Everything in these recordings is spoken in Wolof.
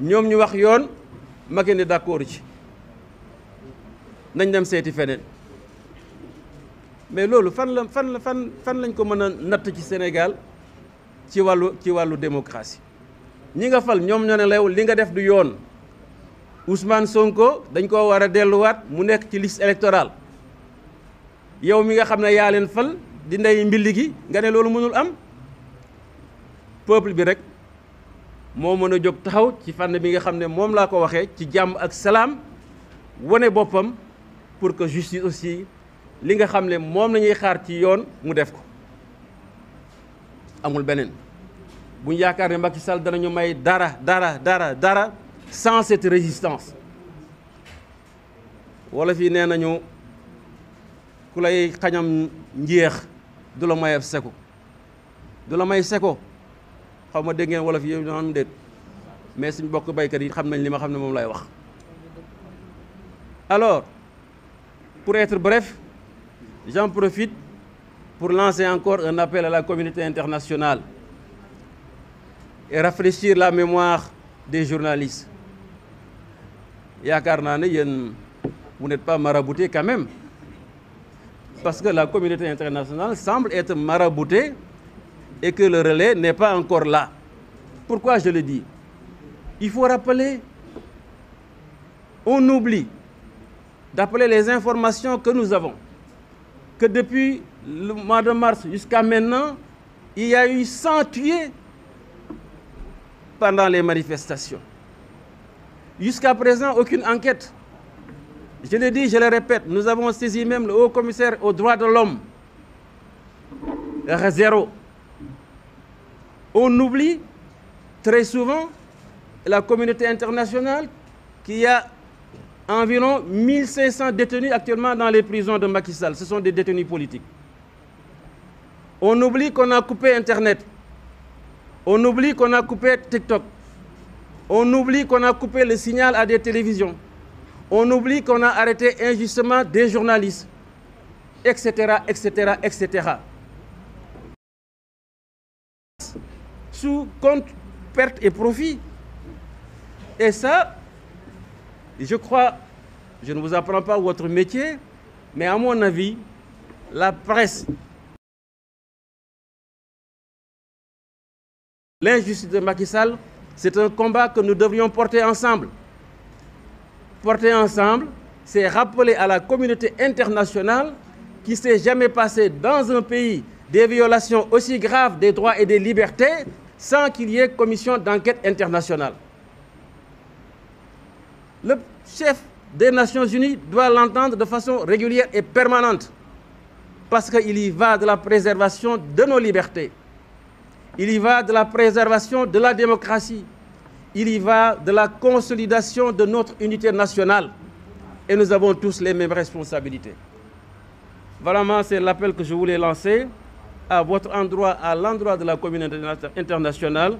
ñoom ñu wax yoon Macky ne ci nañ dem seeti feneen mais loolu fan la fan la fan fan lañ ko mën a natt ci Sénégal ci wàllu ci wàllu démocratie ñi nga fal ñoom ñoo ne lew li nga def du yoon Ousmane Sonko dañ koo war a delluwaat mu nekk ci liste électorale yow mi nga xam ne yaa leen fal di ndey mbilli gi nga ne loolu mënul am peuple bi rek moo mën a jóg taxaw ci fànn bi nga xam ne moom laa ko waxee ci jàmm ak salaam wane boppam pour que justice aussi li nga xam ne moom la xaar ci yoon mu def ko amul beneen bu ñu yaakaar ne Macky Sall danañu may dara dara dara dara sans cette résistance wala fii nee nañu ku lay xañam njeex du la mayeb seko du la may seko xaw ma dégg ngeen wolof yi am déet mais suñ mbokk baykat yi xam nañ li ma xam ne moom lay wax alors pour être bref j'en profite pour lancer encore un appel à la communauté international et rafraîchir la mémoire des journalistes yaakaar naa ne yéen vous n'êtes pas marabouté quand même parce que la communauté internationale semble être maraboutée et que le relais n'est pas encore là. Pourquoi je le dis Il faut rappeler, on oublie d'appeler les informations que nous avons, que depuis le mois de mars jusqu'à maintenant, il y a eu 100 tués pendant les manifestations. Jusqu'à présent, aucune enquête. Je le dis, je le répète, nous avons saisi même le haut commissaire aux droits de l'homme. Zéro. On oublie très souvent la communauté internationale qui a environ 1500 détenus actuellement dans les prisons de Macky Sall. Ce sont des détenus politiques. On oublie qu'on a coupé Internet. On oublie qu'on a coupé TikTok. On oublie qu'on a coupé le signal à des télévisions. On oublie qu'on a arrêté injustement des journalistes, etc., etc., etc. sous compte et profit. Et crois, je ne vous mais à mon avis, la presse, l'injustice de Macky Sall, c'est un combat que nous devrions porter ensemble. Porter ensemble, c'est rappeler à la communauté internationale qui s'est jamais passé dans un pays des violation aussi graves des droits et des libertés sans qu'il y ait commission d'enquête internationale. Le chef des Nations Unies doit l'entendre de façon régulière et permanente, parce qu'il y va de la préservation de nos libertés, il y va de la préservation de la démocratie, il y va de la consolidation de notre unité nationale. Et nous avons tous les mêmes responsabilités. Vraiment, c'est l'appel que je voulais lancer. à votre endroit, à l'endroit de la communauté internationale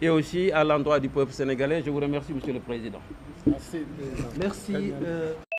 et aussi à l'endroit du peuple sénégalais. Je vous remercie, Monsieur le Président. Merci. Président. Merci.